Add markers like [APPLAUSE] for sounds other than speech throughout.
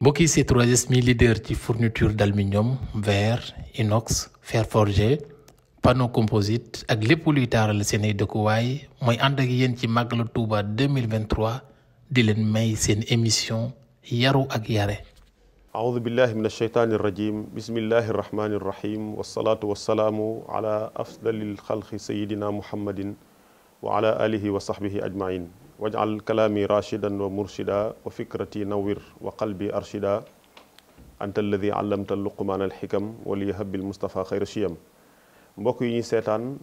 mbokki ci 3S mi leader ci fourniture d'aluminium verre inox fer forgé panneau composite ak lépp luy taaral seen ay dëkkuwaay mooy ànd ak yéen ci màggalu Touba 2023 di leen may seen émission yaru ak yare aoudu billahi min alsheytaani irrajim bismillahi irrahmani irrahim walsalaatu walsalaamu ala afdali alxalqi sayidina muhammadin wa ala alihi wa sahbihi ajmain wajal kalaami rashidan wa murshida wa fikrati nawwir wa qalbi arshida anta alladi allamta luqmaan alxikam wali habil mustafa xayra shiyam mbokk yi ñuy seetaan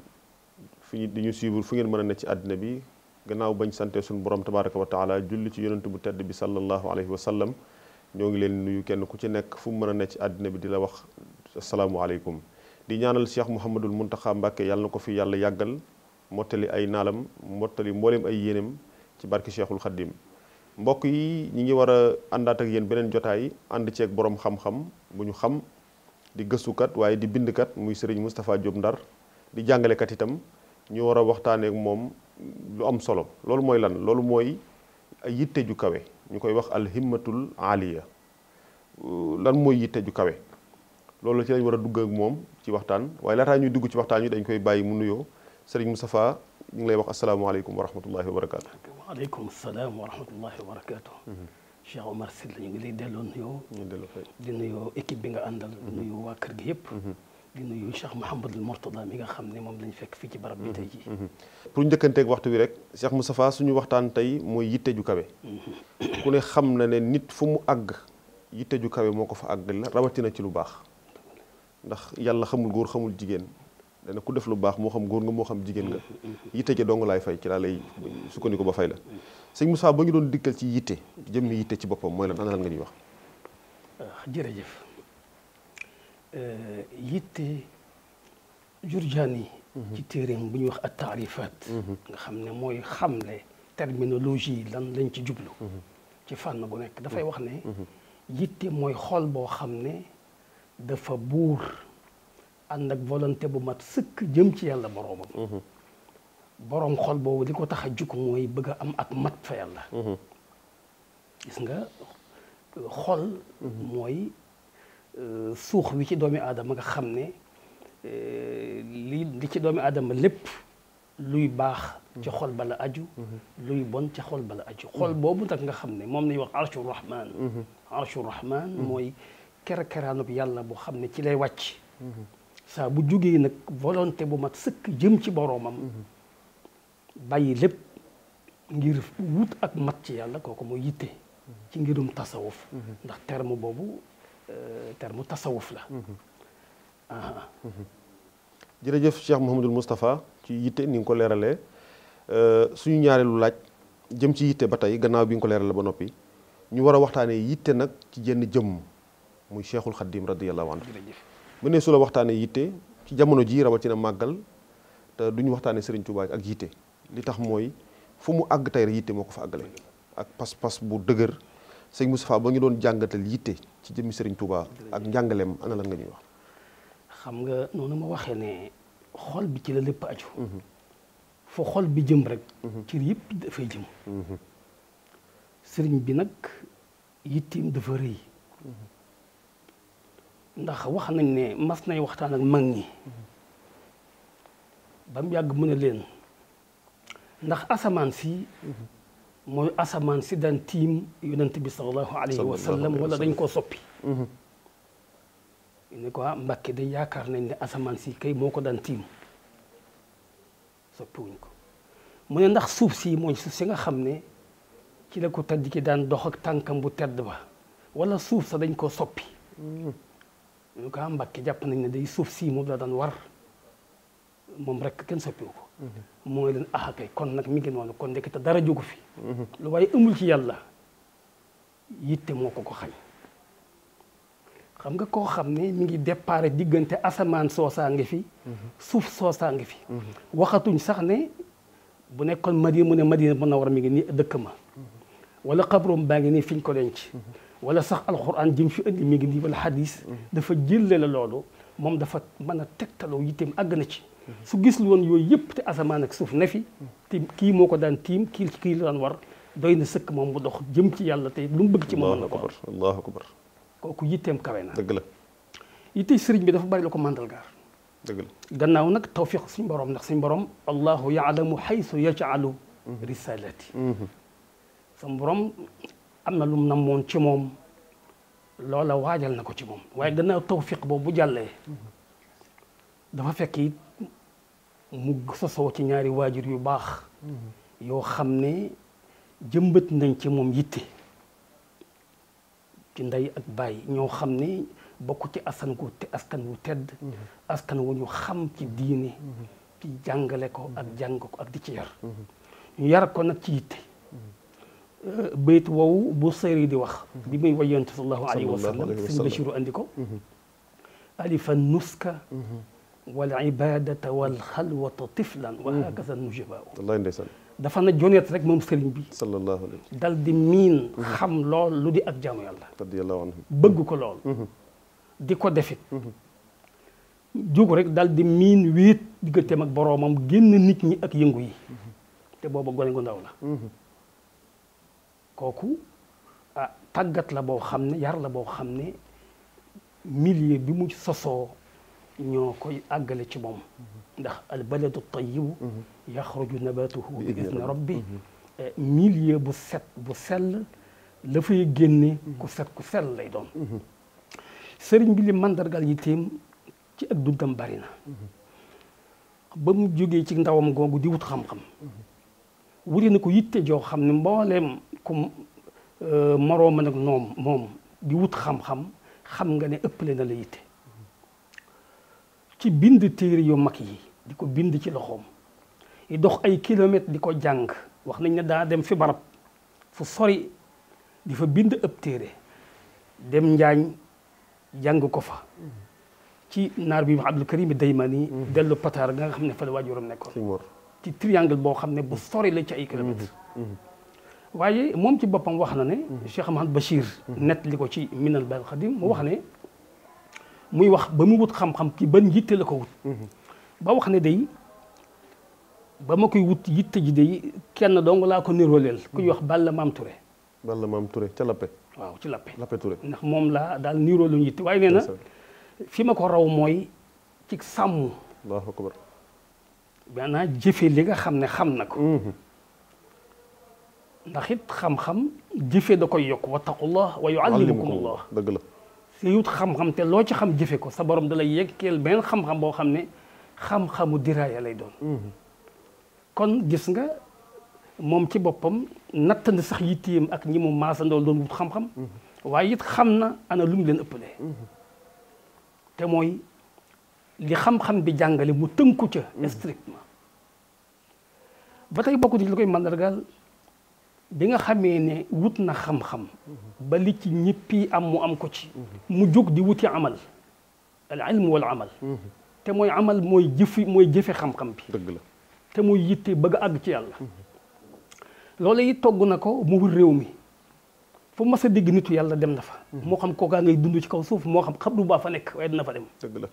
fi di ñu suivre fu ngeen mën a ne ci àddina bi gannaaw bañ sante suñu borom tabaraka wa julli ci yonent bu tedd bi sallallahu alayhi wa sallam ñoo ngi leen nuyu kenn ku ci nekk fu mu mën a ne ci àddina bi di la wax asalaamualeykum di ñaanal cheikh mouhamadul muntaxa mbàkke yàlla na ko fi yàlla yàggal mottali ay naalam mottali mbooleem ay yéenam ci barki Cheikhul Khadim mbokk yi ñi ngi war a àndaat ak yéen beneen jotaay ànd ceeg boroom xam-xam bu ñu xam di gëstukat waaye di bindkat muy Serigne Moustapha Diop Ndar di jàngalekat itam ñu war a waxtaanee moom lu am solo loolu mooy lan loolu mooy yitte ju kawe ñu koy wax alhimmatul aliya lan mooy yitte ju kawe loolu ci lañ war a dugg ak moom ci waxtaan waaye laataa ñuy dugg ci waxtaan yi dañ koy bàyyi mu nuyoo Serigne Moustapha ñu ngi lay wax asalaamaaleykum wa rahmatullahi wa barakaatu. waaleykum salaam wa rahmatullahi wa barakatuh Cheikh Omar Sylla ñu ngi lay delloo nuyoo di nuyoo équipe bi nga àndal nuyu waa kër gi yëpp di nuyu Cheikh Mouhamadul Mourtada mi nga xam ne moom lañ fekk fii ci barab bi tey pour njëkkanteeg waxtu wi rek Cheikh Moustapha suñu waxtaan tey mooy yitte ju kawe ku ne xam na ne nit fu mu àgg yitte ju kawe moo ko fa àgg la rawatina ci lu baax ndax yàlla xamul góor xamul jigéen dana na ku def lu baax moo xam góor nga moo xam jigéen nga yitte ja dong laay fay ci laa lay sukkandiku ba fay la sëñ Moussa ba ñu doon dikkal ci yitte jëmmi yitte ci boppam mooy lan ana lan nga ñuy wax ah, jërëjëf euh, yitte Jurjaani mhm. ci téeréem bu ñuy wax at taarifaat mhm. nga xam ne mooy xamle terminologie lan lañ ci jublu mhm. ci fànn gu nekk dafay wax ne yitte mooy xool boo xam ne dafa buur ànd ak volonté bu mat sëkk jëm ci yàlla boroomam mhm. boroom xol boobu li ko tax a jukk mooy bëgg a am ak mat fa yàlla mhm. gis nga xol mooy euh, suux wi ci doomi aadama nga xam ne euh, li li ci doomi aadama lépp luy baax ci mhm. xol bala aju luy bon ca xol bala aju xol boobu nag nga xam ne moom lañuy wax arshu rahman arshu rahman mooy kera bi yàlla boo xam ne ci lay wàcc saa bu jógee nag volonté bu mat sëkk jëm ci boroomam bàyyi lépp ngir wut ak mat ci yàlla koo ko mu yitte ci ngirum tasawuf ndax terme boobu euh, terme tasawuf la jërëjëf Cheikh Mouhamadul Moustapha ci yitte ni nga ko leeralee euh, suñu ñaareelu laaj jëm ci yitte ba tey gannaaw bi nga ko leerale ba noppi ñu war a waxtaanee yitte nag ci jenn jëmm muy Cheikhul Khadim radiyallahu anhu mënee su la waxtaanee yitte ci jamono jii rawatina màggal te ñu waxtaanee Serigne Touba ak yitte li tax mooy fu mu àgg tey rek yitte moo ko fa àggale ak pas-pas bu dëgër sëñ Moustapha ba ngi doon jàngatal yitte ci jëmmi Serigne Touba ak njàngaleem ana lan nga ñuy wax. xam nga noonu ma waxee ne xol bi ci la lépp aju. Mhm. fu xol bi jëm rek. Mhm. cër yëpp dafay jëm. Mhm. Serigne bi nag yitteem dafa rëy. ndax wax nañ ne mas nay waxtaan ak mag ñi ba mu yàgg mën leen ndax asamaan si mooy asamaan si daan tiim yonent bi sallallahu alayhi wa sallam wala dañ koo soppi mhm. ne ko ah, Mbàkke day yaakaar nañ ne asamaan si kay moo ko daan tiim ko mu ndax suuf si mooy suuf si nga xam ne ci la ko tedd ki daan dox ak tànkam bu tedd ba wala suuf sa dañ koo soppi mhm. ñu ko am Mbàkke jàpp nañ ne day suuf sii moom la daan war moom rek kenn soppiwu ko mu mhm. ngi leen ah, kon nag mi ngi noonu dara jógu fi mhm. lu waaye amul ci yàlla yitte moo ko ko xañ xam nga koo xam ne mi ngi déparé diggante asamaan soosaa ngi fi mhm. suuf soosaa ngi fi waxatuñ sax ne bu nekkoon Madina mu ne Madina mën na war mi ngi nii dëkk ma wala xabroom baa ngi nii fiñ ko denc wala sax alxuraan jëm fi indi mi ngi nii wala xadis mm. dafa jëlle la loolu moom dafa mën teg tegtaloo yitteem àgg na ci su gis lu woon yooyu yëpp te asamaan ak suuf ne fi te kii moo ko daan tiim kii kii la daan war doy na sëkk moom mu dox jëm ci yàlla te lu bëgg ci moom na ko allahu akbar kooku yitteem kawe na dëgg la sëriñ bi dafa bari la ko màndargaal dëgg gannaaw nag tawfiq suñ borom ndax suñ borom allahu yaalamu xaysu yajalu mm-hmm. risalati sam mm-hmm. borom am na lum namoon ci moom loola waajal na ko ci moom waaye gannaaw tawfiq boobu bu jàllee dafa fekk it mu sosoo ci ñaari waajur yu baax yoo xam ne jëmbët nañ ci moom yitte ci ndey ak bàyyi ñoo xam ne bokk ci askan wu te askan wu tedd askan wu ñu xam ci diine ci jàngale ko ak jàng ko ak di ci yar ñu yar ko nag ci yitte bayt woowu bu seyri di wax di bay wa yonent sallallahu alayhi wa sallam sëñ Bachiru andi ko mhm. alifa nuska mhm. wal ibadata wal xalwata tiflan wa mhm. hakaza nujabaa dafa na joneet rek moom sëriñ bi sallallahu alayhi dal di miin xam lool lu di ak jaamu yàlla radiyallahu anhu bëgg ko lool di ko defit jóg rek dal di miin wéet digganteem ak boroomam génn nit ñi ak yëngu yi te booba gone gu la kooku ah tàggat la boo xam ne yar la boo xam ne milieu bi mu sosoo ñoo koy àggale ci moom ndax al baladu tayibu yaxruju nabatuhu bi idni rabbi eh, milieu bu set bu sell la fay génne ku set ku sell lay doon sëriñ bi li mandargal yi ci ak dundam bari na ba mu jógee ci ndawam googu di wut xam-xam wuti na yitte joo xam ne mbooleem ku euh, moroo ma nag moom di wut xam-xam xam nga ne ëppale na la yitte ci bind téere yu mag yi di ko bind ci loxoom yi dox ay kilomètres di ko jàng wax nañ ne daa dem fi barab fu sori di fa bind ëpp téere dem njaañ jàng ko fa ci naar bi wax Abdul Karim Daymani mhm. dellu Pataar nga xam ne fa la waajuram nekkoon ci triangle boo xam ne bu sori la ci ay kilomètres mhm. Mhm. waaye moom ci boppam wax na ne mhm. Cheikh Ahmad Bachir mhm. net li ko ci minal bayal xadim mu wax ne muy wax ba mu wut xam-xam ki ban yitte la ko wut mhm. ba wax ne day ba ma koy wut yitte ji day kenn dong laa ko nirooleel ku ñuy wax Balla Maam Touré Balla Maam Touré ca Lappe waaw ci Lappe Lappe Touré ndax moom laa daal niroolu yitte waaye nee na fi ma ko raw mooy ci sàmm Allahu akbar jëfe li nga xam ne xam na ndax it xam-xam jëfe da koy yokk wattaqullah wa yuallimukumullah dëgg la si yut xam-xam te loo ci xam jëfe ko sa borom da lay yekkeel benn xam-xam boo xam ne xam-xamu diraaya lay doon mhm. kon gis nga moom ci boppam natt sax sax yittiyam ak ñi mu maasandool doon wut xam-xam mhm. waaye it xam na ana lum mu leen ëppalee mhm. te mooy li xam-xam bi jàngale mu tënku ca strictement ba tey bokku di li koy mandargaal bi nga xamee ne wut na xam-xam ba li ci ñëppi am mu am ko ci mu jóg di wuti amal al ilm wal amal te mooy amal mooy jëfi mooy jëfe xam-xam bi dëgg la te mooy yitte bëgg a ci yàlla loolu yi togg na ko mu wër réew mi fu mas a dégg yàlla dem na fa moo xam kookaa ngay dund ci kaw suuf moo xam xab xabru baa fa nekk waaye dina fa dem la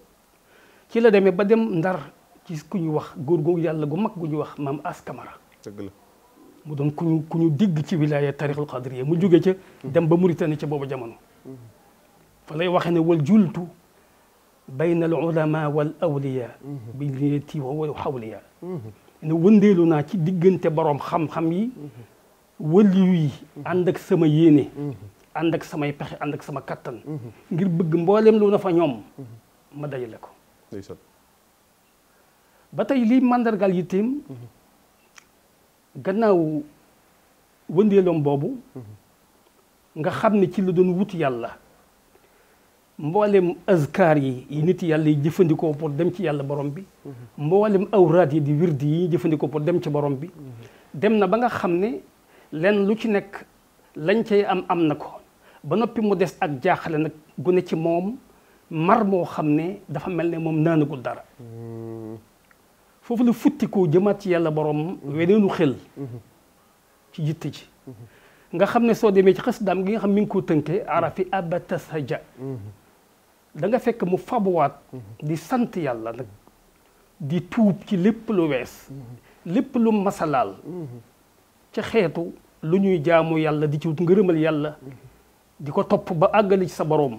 ci la demee ba dem ndar ci ku ñuy wax góor googu yàlla gu mag gu ñuy wax maam askamara dëgg la mu doon ku ñu ku ñu digg ci wilaya tarixul xadriya mu jóge ca dem ba Mauritanie ca boobu jamono fa lay waxee ne wal jultu bayna al ulama wal awliya bi niyati wa xawliya ne wëndeelu naa ci diggante boroom xam-xam yi wëliyu yi ànd ak sama yéene ànd ak samay pexe ànd ak sama kattan ngir bëgg mboolem lu na fa ñoom ma la ko ba tey lii mandargal yi téem gannaaw wëndeeloom boobu mhm. nga xam ne ci la doon wuti yàlla mboolem azkaar yi yi nit yàlla yi jëfandikoo pour dem ci yàlla borom bi mhm. mboolem aw yi di wirdi yi jëfandikoo pour dem ci borom bi mhm. dem na ba nga xam ne lenn lu ci nekk lañ cay am am na ko ba noppi mu des ak jaaxale nag gune ci moom mar moo xam ne dafa mel ne moom naanagul dara hmm. foofu la futtikoo jëmaat ci yàlla boroom weneenu xel ci jitte ci nga xam ne soo demee ci xës daam gi nga xam mi ngi ko tënkee arafi abatasaja da nga fekk mu fabuwaat di sant yàlla nag di tuub ci lépp lu wees lépp lu masalaal ca xeetu lu ñuy jaamu yàlla di ci wut ngërëmal yàlla di ko topp ba àggali ci sa boroom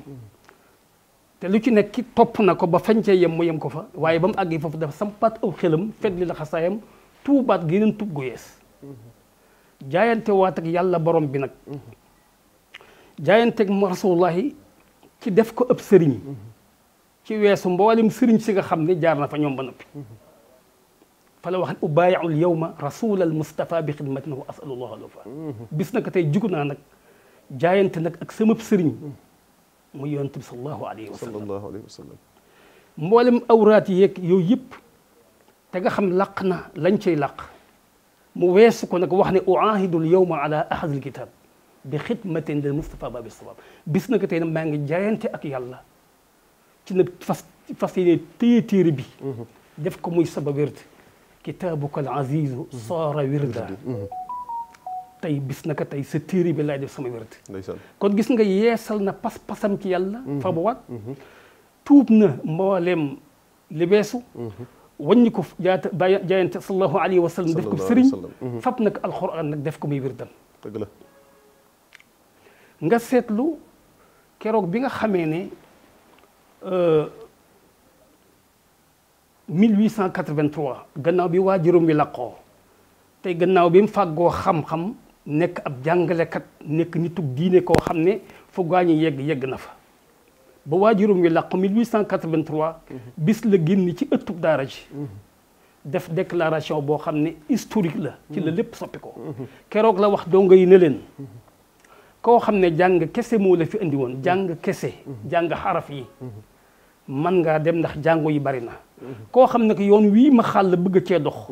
te lu ci nekk topp na ko ba fañ yem mu yem ko fa waaye ba mu àgg foofu dafa sampaat aw xelam fetli la xasaayam tuubaat gi neen tub gu yees jaayante waat ak yàlla borom bi nag jaayante mu rasulullahi ci def ko ab sëriñ ci weesu mboolem sëriñ si nga xam ne jaar na fa ñoom ba noppi fa la wax ne ubaayiul yawma al mustafa bi xidmatin wa asalullah alafa mm-hmm. bis nag tey jugu naa nag jaayante nag ak sama sëriñ mu yonent bi sallallahu alayhi wa sallam sallallahu alayhi wa sallam mboolem awraat yeeg yooyu yëpp te nga xam laq na lañ cay laq mu weesu ko nag wax ne uahidul yowma ala ahadil kitab bi xidmatin lil Mustafa babi sabab bis na ko tey nag maa ngi jaayante ak yàlla ci nag fas fas yéene téye téere bi mhm. def ko muy saba wérd kitaabuka al azizu saara wirda mhm. tey bis na naka tey sa téere bi laay def sama wérd kon gis nga yeesal na pas-pasam ci yàlla mhm. fabawaat mhm. tuub na mbooleem li beesu mhm. waññi ko jaata jaayante sallallahu alayhi wa sallam def ko sëriñ fab nag def ko muy wirdam dëgg nga seetlu keroog bi nga xamee ne 1883 euh, gannaaw bi waajuram wi laqoo te gannaaw bi mu fàggoo xam-xam nekk ab jàngalekat nekk ni nitug diine koo xam ne fu gaañu yegg yegg na fa ba waajuram wi làq 1883 mhm. bis la génn ci ëttub daara ji mhm. def déclaration boo xam ne historique la ci la mhm. lépp soppi ko keroog la wax dongo yi ne leen koo xam ne jàng kese moo la fi indi woon jàng kese jàng xaraf yi man ngaa dem ndax jàngo yi bari na koo xam ne que yoon wii ma xàll bëgg cee dox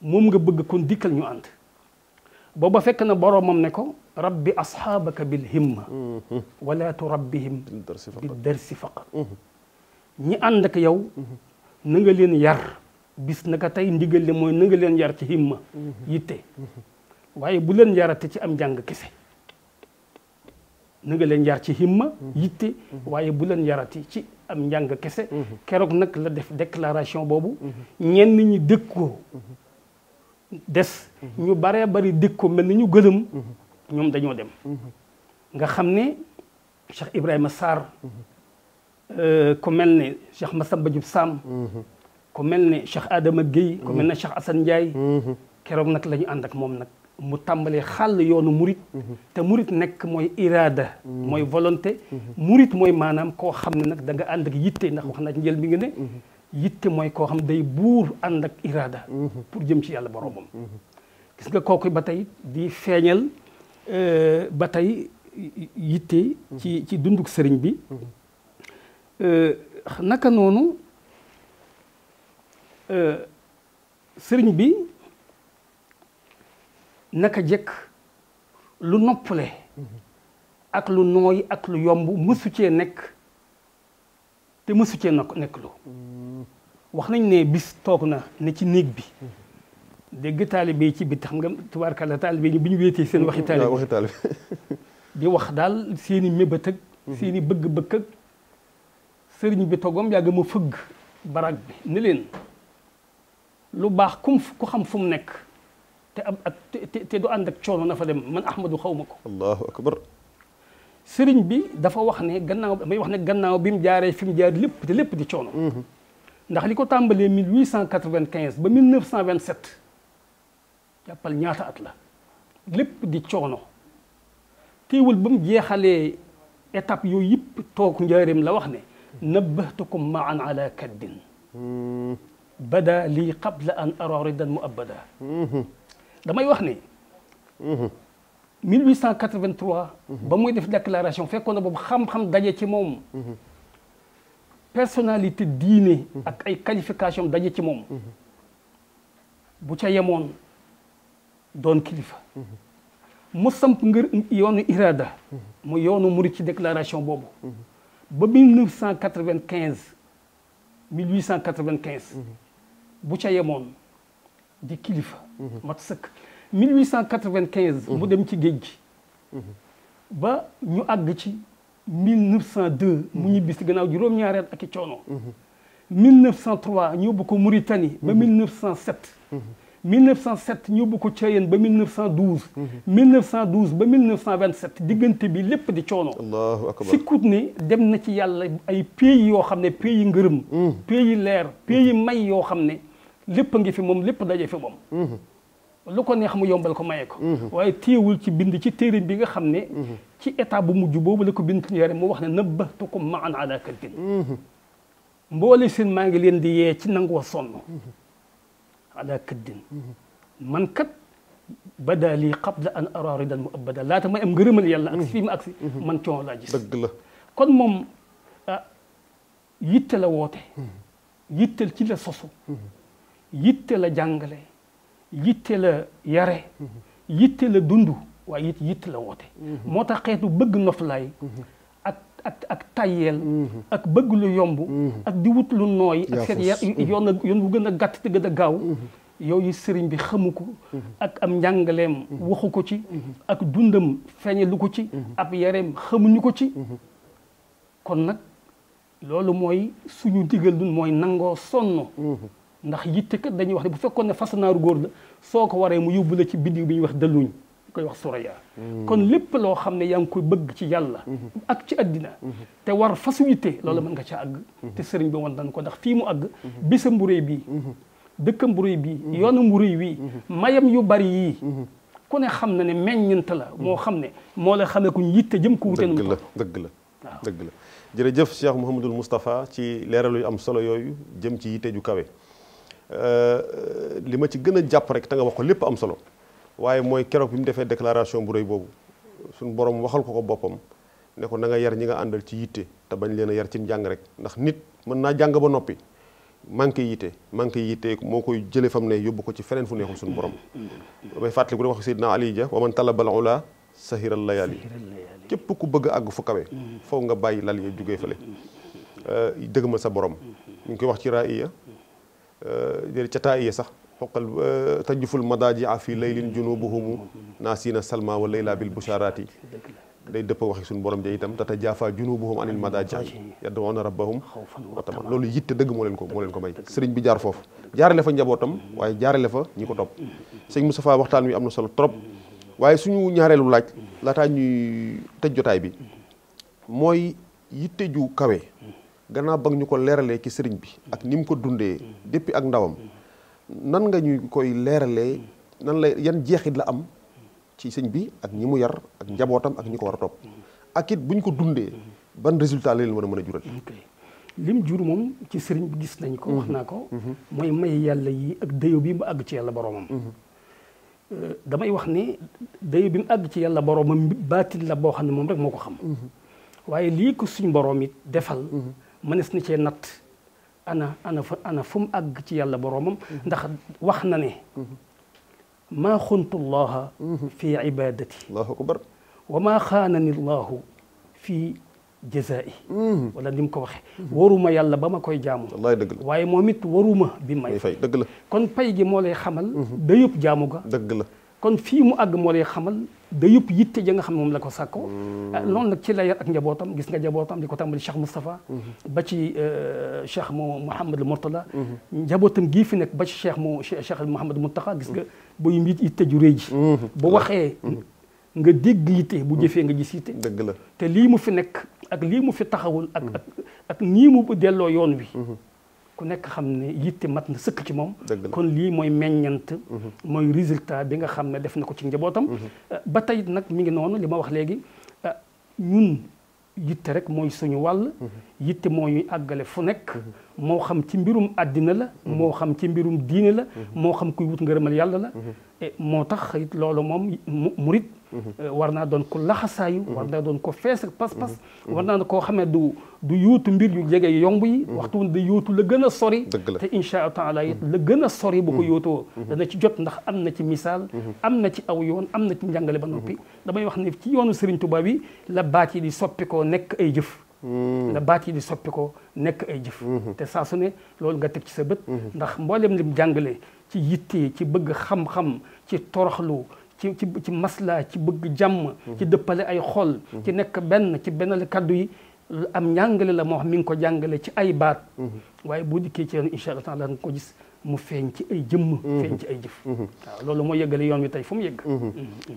moom nga bëgg kon dikkal ñu ànd booba fekk na boroomam ne ko rabbi asxaabaka bil himma mhm. wala turabbihim bi dersi faqat mhm. ñi ànd ak yow mhm. na nga leen yar bis naka tey ndigal li mooy na leen yar ci himma yitte waaye bu leen yarate ci am jàng kese na nga leen yar ci himma waaye bu leen yarati ci am njàng kese keroog nag la def déclaration boobu ñenn ñi dëkkoo des ñu baree bari dikk ko mel ni ñu gëlëm ñoom dañoo dem nga xam ne Cheikh Ibrahima Sarr euh, ku mel ne Cheikh Massamba Diouf Sam ku mel ne Cheikh Adama Guèye ku mel ne Cheikh Assane Ndiaye keroog nag la ñu ànd ak moom nag mu tàmbalee xàll yoonu murit te murit nekk mooy irada mooy volonté murit mooy maanaam koo xam ne nag danga nga ak yitte ndax wax naa ci njël mi ngi ne yitte mooy koo xam day buur ànd ak iraada mhm. pour jëm ci yàlla boromam gis nga kooku ba tey di feeñal euh, ba tey yitte ci ci dunduk sëriñ bi mhm. euh, naka noonu euh, sëriñ bi naka jëkk lu noppale mhm. ak lu nooy ak lu yomb mësu cee nekk te mësu cee nekk lu wax nañ ne bis toog na ne ci néeg bi dégg taalibe yi ci bitti xam nga tubaarkàlla taalibe yi bi ñu wéetee seen waxi taalibe [LAUGHS] di wax daal seen i mébét ak mhm. bëgg-bëgg sëriñ bi toogam yàgg ma fëgg barak bi ni leen lu baax kum ku xam fu mu nekk te am ak te ànd ak coono na fa dem man ahmadu xaw ma ko allahu akbar sëriñ bi dafa wax ne gannaaw may wax ne gannaaw bi mu jaaree fi mu jaar lépp te lépp di coono mhm. ndax li ko tàmbalee 1895 ba 1927 jàppal ñaata at la lépp di coono téewul ba mu jeexalee étape yooyu yëpp toog njaareem la wax ne nabbahtukum maan ala kaddin hmm. bada lii qabla an aroridan mu abada hmm. damay wax ne hmm. ba muy def déclaration fekkoon na boobu xam-xam daje ci moom personnalité diine ak ay qualification daje ci moom bu ca yemoon doon kilifa mu samp ngir yoonu irada mu yoonu murid ci déclaration boobu ba 1995 1895 bu ca yemoon di kilifa mat sëkk 1895 dem ci géej gi ba ñu àgg 1902. Mhm. mu ñibbi si gannaaw juróom-ñaari at ak i coono. 1903 mhm. ñu yóbbu ko Mauritanie. ba 1907. Mhm. 1907 ñu yóbbu ko Thiéyène ba 1912. 1912 ba 1927 diggante bi lépp di coono. allahu akbar sikkut ni dem na ci yàlla ay pays yoo xam ne pays yi ngërëm. pays yi leer pays yi may yoo xam ne lépp ngi fi moom lépp daje fi moom. lu ko neex mu yombal ko maye mhm. waaye téewul ci bind ci téerin bi nga xam ne mhm. ci état bu mujj boobu la ko bind yare mu wax ne nabbatukum maan ala kalbin mhm. mboole seen maa ngi leen di yee ci nangoo sonn ala këddin man kat bada lii qabla an araari dal mu abada laata may am ngërëmal yàlla ak fii mu man coono laa gis dëgg la kon moom ah, yitte la woote yittel ci la sosu yitte la jàngale yitte la yare yitte la dund waaye it la woote moo tax xeetu bëgg noflaay ak ak ak ak bëgg lu yomb ak di wut lu nooy yoon yoon bu gën a gàtt te gën a gaaw yow yooyu sëriñ bi xamu ko ak am njàngaleem waxu ko ci ak dundam feeñalu ko ci ab yareem xamuñu ko ci kon nag loolu mooy suñu digal dun mooy nangoo sonn ndax yitte kat dañuy wax ne bu fekkoon ne fas naaru góor la soo ko waree mu yóbbu la ci biddiw bi ñu wax dëlluñ koy wax suraya hmm. kon lépp loo xam ne yaa ngi koy bëgg ci yàlla hmm. ak ci addina hmm. te war fasu yitte loolu mën nga ca àgg te sëriñ bi wan ko ndax fii mu àgg bisa mburéy bii dëkkam mburéy bii yoonu mburu wii mayam yu bari yi ku ne xam na ne meññant la moo xam ne moo la xamee kuñ yitte jëm ko wuteen dëgg la dëgg la waaw dëgg la jërëjëf Cheikh Mouhamadul Moustapha ci leeral yu am solo yooyu jëm ci yitte ju kawe Euh, li ma ci gën a jàpp rek te nga wax ko lépp am solo waaye mooy keroog bi mu defee déclaration bu rëy boobu suñu borom waxal ko ko boppam ne ko na yar ñi nga àndal ci yitte te bañ leen a yar ci jàng rek ndax nit mën naa jàng ba noppi manqué yitte manqué yitte moo koy jëlee fam ne yóbbu ko ci feneen fu neexul suñu borom damay fàttali ku wax Seydina Ali ja wa man talabal ula sahiral layaali képp ku bëgg àgg fu kawe nga bàyyi lal ya jugee fële euh, ma sa borom ñu ngi koy wax ci raaya Euh, jëri cataa iya sax xoqal euh, tajuful madaaji fi laylin junubuhumu naasina salma wa layla bil busharaati day dëpp waxi suñu borom ja itam tata jaafa junubuhum anil madaaji yad'uuna rabbahum wa tama loolu yitte dëgg moo leen ko moo leen ko may sëriñ bi jaar foofu jaarale fa njabootam waaye jaarale fa ñi ko topp sëñ Moustapha waxtaan wi am na solo trop waaye suñu ñaareelu laaj laataa ñuy tëj jotaay bi mooy yitte ju kawe gannaaw ba ñu ko leeralee ci sëriñ bi ak ni mu ko dundee depuis ak ndawam nan nga ñu koy leeralee nan la yan jeexit la am ci sëñ bi ak ñi mu yar ak njabootam ak ñi ko war a topp ak it buñ ko dundee ban résultat la leen mën a mën a jural lim jur moom ci sëriñ bi gis nañ ko wax naa ko mhm. Mhm. mooy may yàlla yi ak dayo bi mu àgg ci yàlla boroomam mhm. euh, damay wax ni dayo bi mu àgg ci yàlla boroomam baatil la boo xam ne moom rek moo ko xam waaye lii ko suñ boroom it defal mënees na cee natt ana ana fa ana fu mu àgg ci yàlla boroomam ndax wax na ne maa xuntu llaha fi ibadati allahu akbar wa maa xaanani llahu fi jazaa'i hmm. wala ni mu ko waxee waruma yàlla ba ma koy jaamu wallaay dëgg la waaye moom it waruma bi may fay dëgg la kon pay gi moo lay xamal hmm. dayub jaamu ga dëgg la kon fii mu àgg mool lay xamal da yëpp yitte ja nga xam ne moom la ko sàkkoo hmm. eh, noonu nag ci la ak njabootam gis nga njabootam li ko tàmbali Cheikh Moustapha hmm. ba ci euh, Cheikh mo Mouhamadou Mourtala hmm. njabootam gii fi nekk ba ci Cheikh mo Cheikh Mouhamadou Mountakha gis nga ba yu yitte ju rëy ji bu waxee nga dégg yitte bu jëfee nga gis yitte dëgg la te lii mu fi nekk ak lii mu fi taxawul ak ak ak nii mu delloo yoon wi ku nekk xam ne yitte mat na sëkk ci moom kon lii mooy meññant mhm. mooy résultat bi nga xam ne def na ko ci njabootam mhm. euh, ba tey nag mi ngi noonu li ma wax léegi euh, ñun yitte rek mooy suñu wàll mhm. yitte moo ñuy àggale fu nekk moo xam ci mbirum àddina la moo xam ci mbirum diine la moo xam kuy wut ngërëmal yàlla la moo tax loolu moom murit Euh, war naa doon ko laxasaayu mhm. war naa doon ko fees ak pas-pas mhm. Mhm. war naa koo xam ne du du yóotu mbir yu jege yomb yi waxtu woon yuutu la gën a sori te insha taala it la gën a sori bu ko yóotoo dana ci jot ndax am na ci misaal am na ci aw yoon am na ci njàngale ba noppi damay wax ne ci yoonu Serigne Touba bi la baat yi di soppi ko nekk ay jëf la baat yi di soppi ko nekk ay jëf te saa su ne loolu nga teg ci sa bët ndax mboolem lim jàngale ci yitte ci bëgg xam-xam ci toroxlu ci ci ci maslaa ci bëgg jàmm ci mhm. dëppale ay xol mhm. ci nekk benn ci benn kaddu yi am njàngale la moo xam ni ngi ko jàngale ci ay baat mhm. waaye boo dikkee ci yoon incha allah taala nga ko gis mu feeñ ci ay jëmm feeñ ci ay jëf waaw loolu moo yëggale yoon wi tey fu mu yëgg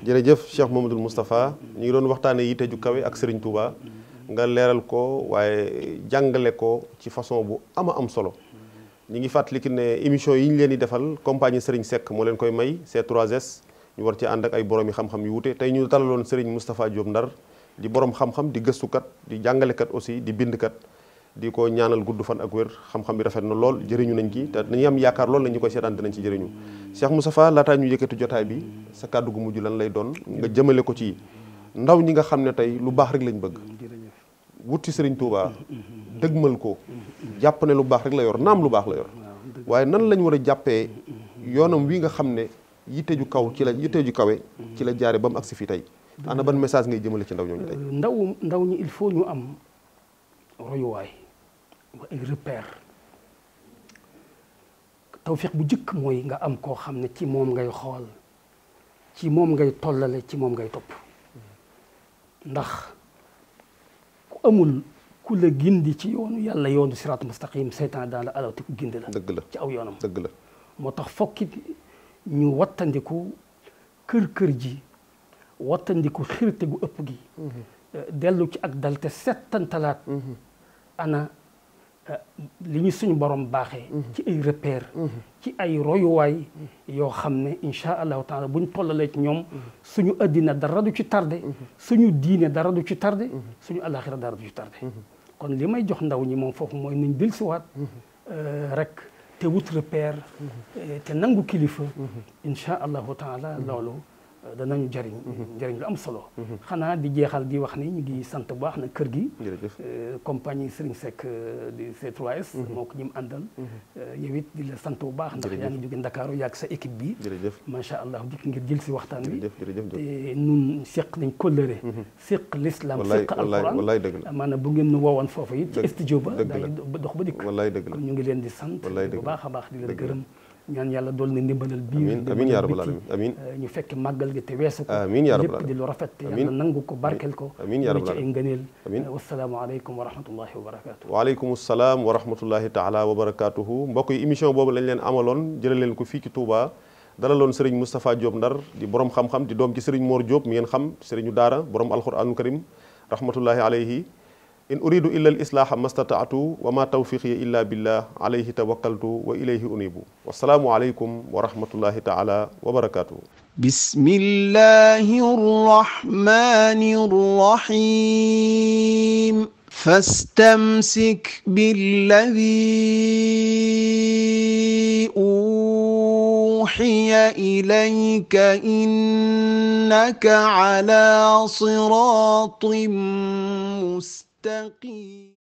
jërëjëf Cheikh Mamadou Moustapha ñu ngi doon waxtaane yi te teju kawe ak Serigne Touba nga leeral ko waaye jàngale ko ci façon bu ama am solo ñu ngi fàttali ne émission yi ñu leen di defal compagnie Serigne Seck moo leen koy may C3S ñu war ci ànd ak ay borom yi xam-xam yu wute tey ñu dalaloon Serigne Moustapha Diop Ndar di boroom xam-xam di gëstukat di jàngalekat aussi di bindkat di ko ñaanal gudd fan ak wér xam-xam bi rafet na lool jëriñu nañ ci te dañuy am yaakaar lool la ñu koy seetaan dinañ ci jëriñu Cheikh Moustapha laataa ñu yëkkati jotaay bi sa kàddu gu mujj lan lay doon nga jëmale ko ci ndaw ñi nga xam ne tey lu baax rek lañ bëgg wuti Serigne Touba dëgmal ko jàpp ne lu baax rek la yor naam lu baax la waaye nan lañ war a jàppee yoonam wi nga xam ne yitte ju kaw ci la yitte ju kawe ci la jaare ba ak agsi fii tey ana ban message ngay jëmale ci ndaw ñooñu tey euh, ndaw ndaw ñi il faut ñu am royuwaay wax ay repère bu jëkk mooy nga am koo xam ne ci moom ngay xool ci moom ngay tollale ci moom ngay topp ndax ku amul ku la gindi ci yoonu yàlla yoonu siraat mustaqim seytaan daal la alawte ku gindi la dëgg la ci aw yoonam dëgg la moo tax fokki ñu wattandiku kër-kër ji wattandiku xirte gu ëpp gi mhm. dellu ci ak dal te settantalaat mhm. ana li ñu suñu borom baaxee mhm. ci ay repère ci ay royuwaay yoo xam ne insha allahu taala buñ tollalee ci ñoom suñu addina dara du ci tardé suñu diine dara du ci tardé suñu alaxira dara du ci tardé kon li may jox ndaw ñi moom foofu mooy nuñ dellusiwaat euh, rek te wut repère mhm. eh, te nangu kilifa mhm. incha allahu taala mhm. loolu Euh, danañu jariñ mhm. jëriñ la am solo mhm. xanaa di jeexal di wax ni ñu ngi sant bu baax na kër gi euh, compagnie Serigne Seck euh, di C3S mhm. moo ko ñim àndal yow it di la sant bu baax ndax yaa ngi jóge Ndakaaru yàgg sa équipe bi macha allah dikk ngir jël si waxtaan wi te nun seq nañ kóllëre seq l'islam seq alquran maanaam bu ngeen nu woowoon foofu it ci studio ba daa dox ba dikk kon ñu ngi leen di sant bu baax a baax di leen gërëm ñaan yàlla dool na ndimbalal biir eh, ñu fekk màggal gi te weesu ko amiin lu rafet yàlla nangu ko barkel ko amiin yaa rabbal aalamiin ci ay ngëneel amiin eh, wasalaamualeykum wa rahmatullahi wa barakaatuhu waaleykum wa rahmatullahi taala wa barakaatuhu mbokk yi émission boobu lañ leen amaloon jëlee leen ko fii ci Touba dalaloon sëriñ Moustapha Diop Ndar di borom xam-xam di doom ci sëriñ Mor Diop mi ngeen xam sëriñu daara borom alquraanul karim rahmatullahi alayhi in uridu illa al islaaha mastataatu wa ma tawfiqi illa billah alayhi tawakkaltu wa ilayhi unibu wassalaamu aleykum wa rahmatullahi taala wa barakaatuhu bismillahi rrahmani rrahim fastamsik billadi أوحي إليك إنك على صراط مستقيم المتقين